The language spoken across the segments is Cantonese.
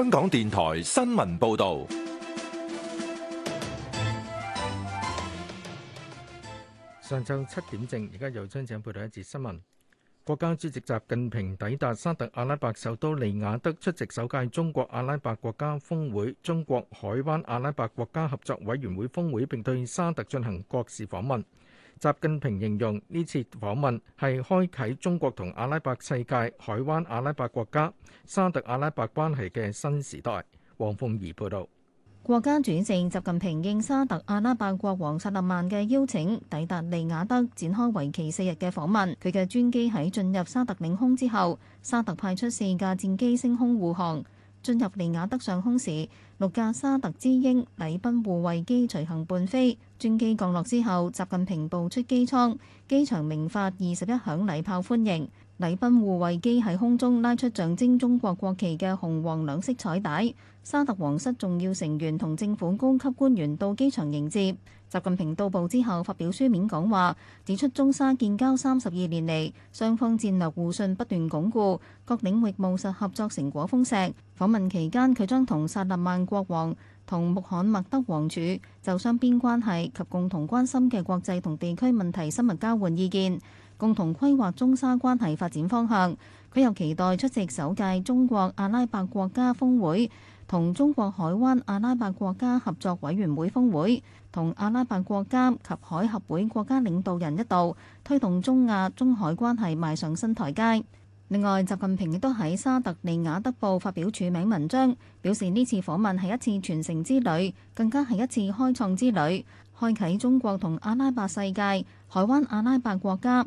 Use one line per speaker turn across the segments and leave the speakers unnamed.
香港電
台新聞報道：上晝七點正，而家又張長報道一節新聞。國家主席習近平抵達沙特阿拉伯首都利雅德，出席首屆中國阿拉伯國家峰會、中國海灣阿拉伯國家合作委員會峰會，並對沙特進行國事訪問。習近平形容呢次訪問係開啟中國同阿拉伯世界、海灣阿拉伯國家、沙特阿拉伯關係嘅新時代。黃鳳儀報導。
國家主席，習近平應沙特阿拉伯國王薩勒曼嘅邀請，抵達利雅德展開為期四日嘅訪問。佢嘅專機喺進入沙特領空之後，沙特派出四架戰機升空護航。進入利雅德上空時，六架沙特之鷹禮賓護衛機隨行伴飛，專機降落之後，習近平步出機艙，機場鳴發二十一響禮炮歡迎。禮賓護衛機喺空中拉出象徵中國國旗嘅紅黃兩色彩帶，沙特皇室重要成員同政府高級官員到機場迎接。習近平到埗之後發表書面講話，指出中沙建交三十二年嚟，雙方戰略互信不斷鞏固，各領域務實合作成果豐碩。訪問期間，佢將同薩勒曼國王同穆罕默德王儲就雙邊關係及共同關心嘅國際同地區問題深入交換意見。共同規劃中沙關係發展方向。佢又期待出席首屆中國阿拉伯國家峰會、同中國海灣阿拉伯國家合作委員會峰會，同阿拉伯國家及海合會國家領導人一道推動中亞中海關係邁上新台階。另外，習近平亦都喺沙特利雅德報發表署名文章，表示呢次訪問係一次傳承之旅，更加係一次開創之旅，開啓中國同阿拉伯世界、海灣阿拉伯國家。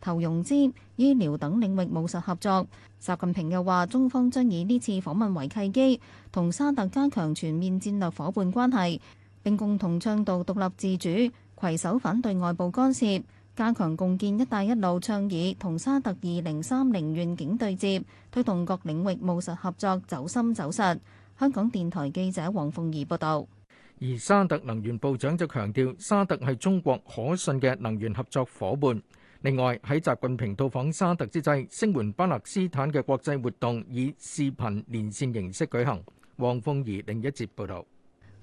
投融資、醫療等領域務實合作。習近平又話：中方將以呢次訪問為契機，同沙特加強全面戰略夥伴關係，並共同倡導獨立自主、攜手反對外部干涉，加強共建「一帶一路」倡議同沙特二零三零願景對接，推動各領域務實合作走深走實。香港電台記者黃鳳儀報道。
而沙特能源部長就強調，沙特係中國可信嘅能源合作伙伴。另外，喺習近平到訪沙特之際，聲援巴勒斯坦嘅國際活動以視頻連線形式舉行。黃鳳儀另一節報道。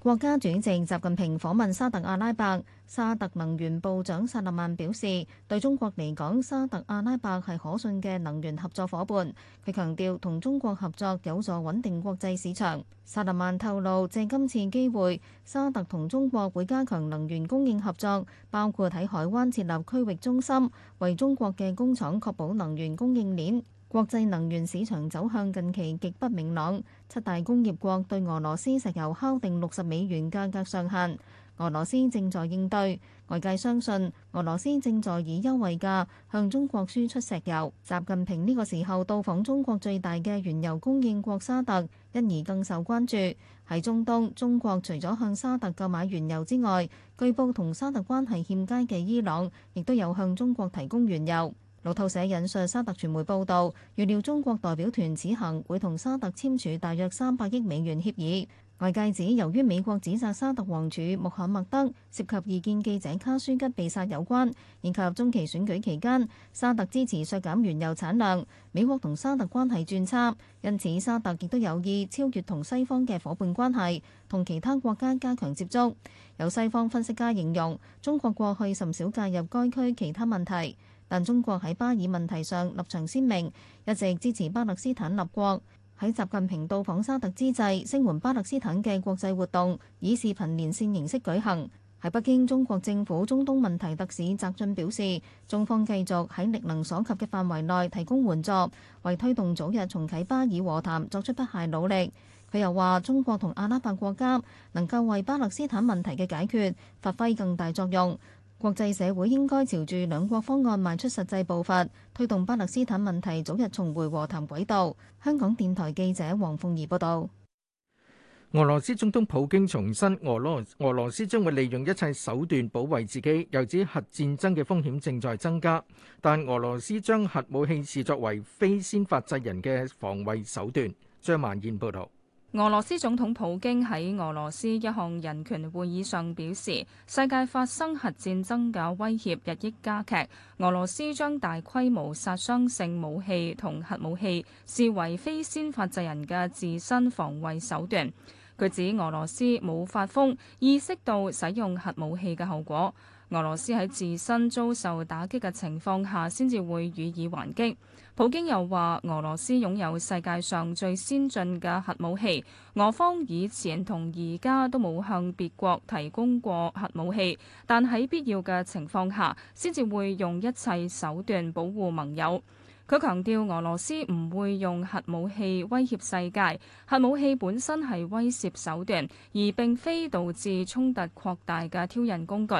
國家主席習近平訪問沙特阿拉伯。沙特能源部長薩勒曼表示，對中國嚟講，沙特阿拉伯係可信嘅能源合作伙伴。佢強調，同中國合作有助穩定國際市場。薩勒曼透露，借今次機會，沙特同中國會加強能源供應合作，包括喺海灣設立區域中心，為中國嘅工廠確保能源供應鏈。國際能源市場走向近期極不明朗，七大工業國對俄羅斯石油敲定六十美元價格上限。俄羅斯正在應對，外界相信俄羅斯正在以優惠價向中國輸出石油。習近平呢個時候到訪中國最大嘅原油供應國沙特，因而更受關注。喺中東，中國除咗向沙特購買原油之外，據報同沙特關係欠佳嘅伊朗，亦都有向中國提供原油。路透社引述沙特傳媒報導，預料中國代表團此行會同沙特簽署大約三百億美元協議。外界指，由於美國指責沙特王儲穆罕默德涉及異見記者卡舒吉被殺有關，以及中期選舉期間沙特支持削減原油產量，美國同沙特關係轉差，因此沙特亦都有意超越同西方嘅伙伴關係，同其他國家加強接觸。有西方分析家形容，中國過去甚少介入該區其他問題。但中國喺巴以問題上立場鮮明，一直支持巴勒斯坦立國。喺習近平到訪沙特之際，聲援巴勒斯坦嘅國際活動以視頻連線形式舉行。喺北京，中國政府中東問題特使翟俊表示，中方繼續喺力能所及嘅範圍內提供援助，為推動早日重啟巴以和談作出不懈努力。佢又話，中國同阿拉伯國家能夠為巴勒斯坦問題嘅解決發揮更大作用。國際社會應該朝住兩國方案邁出實際步伐，推動巴勒斯坦問題早日重回和談軌道。香港電台記者黃鳳儀報道。
俄羅斯總統普京重申，俄羅俄羅斯將會利用一切手段保衛自己，又指核戰爭嘅風險正在增加，但俄羅斯將核武器視作為非先發制人嘅防衛手段。張萬燕報道。
俄羅斯總統普京喺俄羅斯一項人權會議上表示，世界發生核戰爭嘅威脅日益加劇。俄羅斯將大規模殺傷性武器同核武器視為非先發制人嘅自身防衛手段。佢指俄羅斯冇發瘋，意識到使用核武器嘅後果。俄羅斯喺自身遭受打擊嘅情況下，先至會予以還擊。普京又話：俄羅斯擁有世界上最先進嘅核武器，俄方以前同而家都冇向別國提供過核武器，但喺必要嘅情況下，先至會用一切手段保護盟友。佢強調，俄羅斯唔會用核武器威脅世界，核武器本身係威懾手段，而並非導致衝突擴大嘅挑釁工具。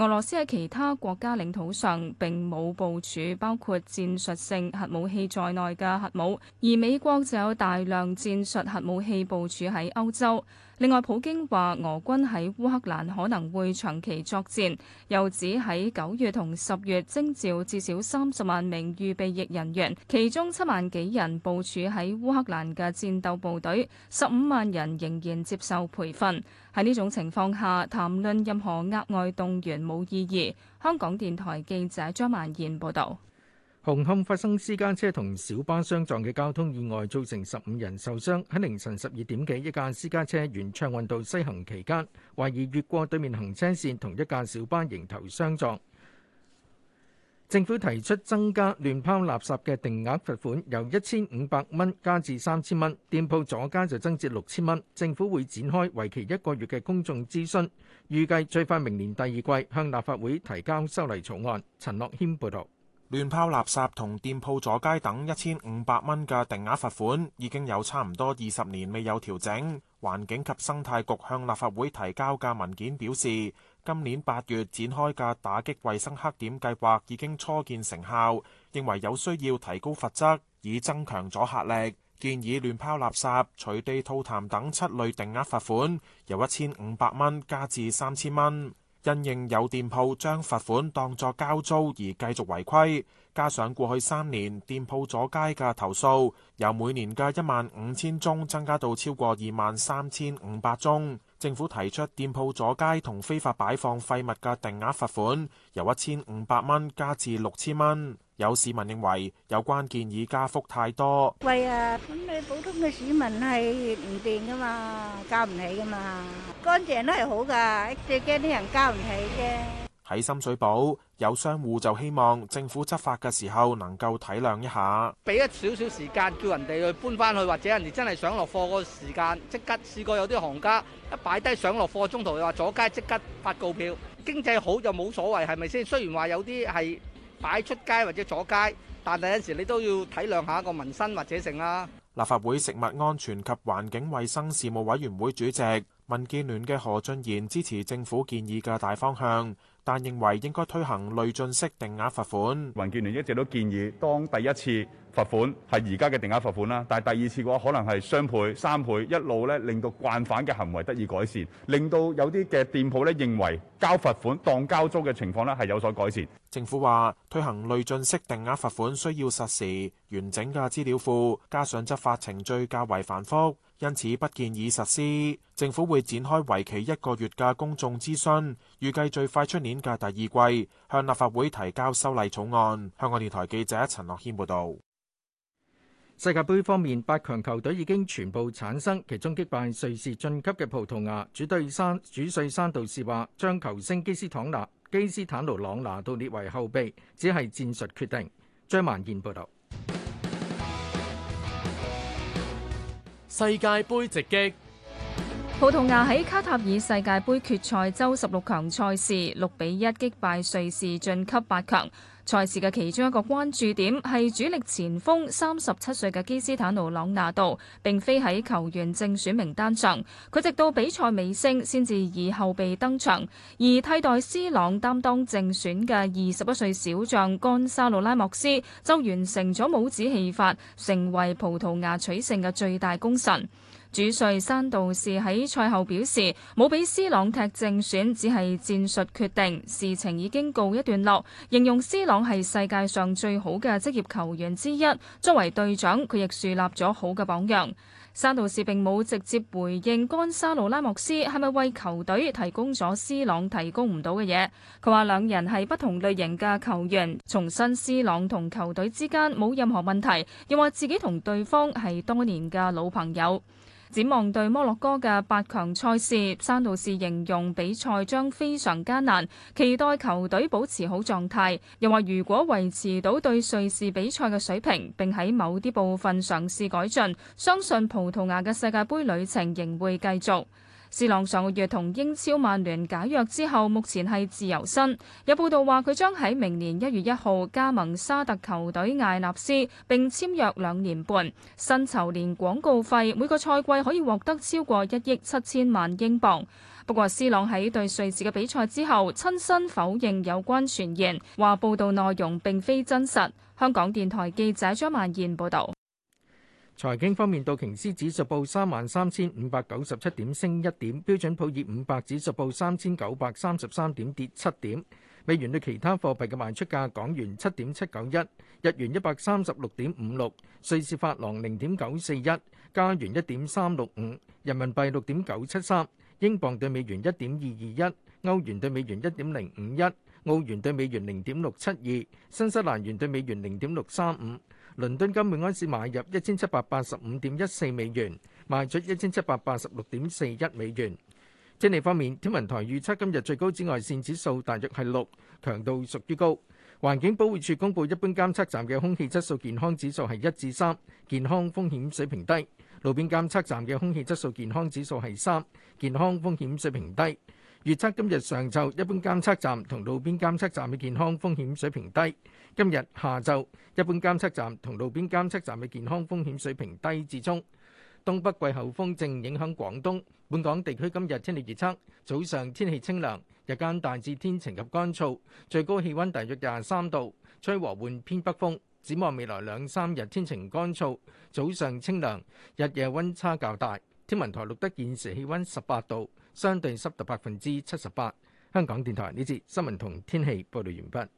俄羅斯喺其他國家領土上並冇部署包括戰術性核武器在內嘅核武，而美國就有大量戰術核武器部署喺歐洲。另外，普京話俄軍喺烏克蘭可能會長期作戰，又指喺九月同十月徵召至少三十萬名預備役人員，其中七萬幾人部署喺烏克蘭嘅戰鬥部隊，十五萬人仍然接受培訓。喺呢種情況下，談論任何額外動員冇意義。香港電台記者張曼燕報導，
紅磡發生私家車同小巴相撞嘅交通意外，造成十五人受傷。喺凌晨十二點幾一架私家車沿暢運道西行期間，懷疑越過對面行車線，同一架小巴迎頭相撞。政府提出增加亂拋垃圾嘅定額罰款，由一千五百蚊加至三千蚊，店鋪左加就增至六千蚊。政府會展開為期一個月嘅公眾諮詢，預計最快
明年第二季向立法會提交修例草案。陳樂軒報道。亂拋垃圾同店鋪阻街等一千五百蚊嘅定額罰款已經有差唔多二十年未有調整。環境及生態局向立法會提交嘅文件表示，今年八月展開嘅打擊衛生黑點計劃已經初見成效，認為有需要提高罰則以增強阻嚇力，建議亂拋垃圾、隨地吐痰等七類定額罰款由一千五百蚊加至三千蚊。因應有店鋪將罰款當作交租而繼續違規，加上過去三年店鋪阻街嘅投訴由每年嘅一萬五千宗增加到超過二萬三千五百宗，政府提出店鋪阻街同非法擺放廢物嘅定額罰款由一千五百蚊加至六千蚊。有市民認為有關建議加幅太多，
喂啊！咁你普通嘅市民係唔掂噶嘛，交唔起噶嘛。乾淨都係好噶，最驚啲人交
唔起啫。
喺深水埗，有商戶就希望政府執法嘅時候能夠體諒一下，
俾一少少時間叫人哋去搬翻去，或者人哋真係想落貨個時間即刻試過有啲行家一擺低上落貨中途又話阻街即刻發告票。經濟好就冇所謂係咪先？雖然話有啲係。擺出街或者阻街，但係有陣時你都要體諒下個民生或者成啦。
立法會食物安全及環境衞生事務委員會主席民建聯嘅何俊賢支持政府建議嘅大方向，但認為應該推行累進式定額罰款。民建聯一直都建議當第一次罰款係而家嘅定額罰款啦，但係第二次嘅話可能係雙倍、三倍一路呢，令到慣犯嘅行為得以改善，令到有啲嘅店鋪呢，認為交罰款當交租嘅情況呢，係有所改善。政府話推行累進式定額罰款需要實時完整嘅資料庫，加上執法程序較為繁複，因此不建議實施。政府會展開為期一個月嘅公眾諮詢，預計最快出年嘅第二季向立法會提交修例草案。香港電台記者陳樂軒報道。世界盃方面，八強球隊已經全部產
生，其中擊敗瑞士晉級嘅葡萄牙主隊山主帥山度士話，將球星基斯坦拿基斯坦奴朗拿到列為後備，只係戰術決定。張萬健報道。世界盃直擊，
葡萄牙喺卡塔爾世界盃決賽周十六強賽事六比一擊敗瑞士晉級八強。賽事嘅其中一個關注點係主力前鋒三十七歲嘅基斯坦奴朗拿度，並非喺球員正選名單上，佢直到比賽尾聲先至以後備登場。而替代斯朗擔當正選嘅二十一歲小將干沙魯拉莫斯就完成咗帽子戲法，成為葡萄牙取勝嘅最大功臣。主帥山道士喺賽後表示，冇俾斯朗踢正選，只係戰術決定，事情已經告一段落。形容斯朗係世界上最好嘅職業球員之一，作為隊長，佢亦樹立咗好嘅榜樣。山道士並冇直接回應干沙路拉莫斯係咪為球隊提供咗斯朗提供唔到嘅嘢。佢話兩人係不同類型嘅球員，重申斯朗同球隊之間冇任何問題，又話自己同對方係多年嘅老朋友。展望對摩洛哥嘅八強賽事，山度士形容比賽將非常艱難，期待球隊保持好狀態。又話如果維持到對瑞士比賽嘅水平，並喺某啲部分嘗試改進，相信葡萄牙嘅世界盃旅程仍會繼續。斯朗上個月同英超曼聯解約之後，目前係自由身。有報道話佢將喺明年一月一號加盟沙特球隊艾納斯，並簽約兩年半，薪酬連廣告費每個賽季可以獲得超過一億七千萬英鎊。不過，斯朗喺對瑞士嘅比賽之後，親身否認有關傳言，話報道內容並非真實。香港電台記者張曼燕報導。
財經方面，道瓊斯指數報三萬三千五百九十七點，升一點；標準普爾五百指數報三千九百三十三點，跌七點。美元對其他貨幣嘅賣出價：港元七點七九一，日元一百三十六點五六，瑞士法郎零點九四一，加元一點三六五，人民幣六點九七三，英鎊對美元一點二二一，歐元對美元一點零五一，澳元對美元零點六七二，新西蘭元對美元零點六三五。倫敦金每安士買入一千七百八十五點一四美元，賣出一千七百八十六點四一美元。天氣方面，天文台預測今日最高紫外線指數大約係六，強度屬於高。環境保護署公布，一般監測站嘅空氣質素健康指數係一至三，3，健康風險水平低。路邊監測站嘅空氣質素健康指數係三，健康風險水平低。預測今日上晝一般監測站同路邊監測站嘅健康風險水平低。今日下晝，一般監測站同路邊監測站嘅健康風險水平低至中。東北季候風正影響廣東，本港地區今日天氣預測：早上天氣清涼，日間大致天晴及乾燥，最高氣溫大約廿三度，吹和緩偏北風。展望未來兩三日天晴乾燥，早上清涼，日夜溫差較大。天文台錄得現時氣溫十八度，相對濕度百分之七十八。香港電台呢節新聞同天氣報道完畢。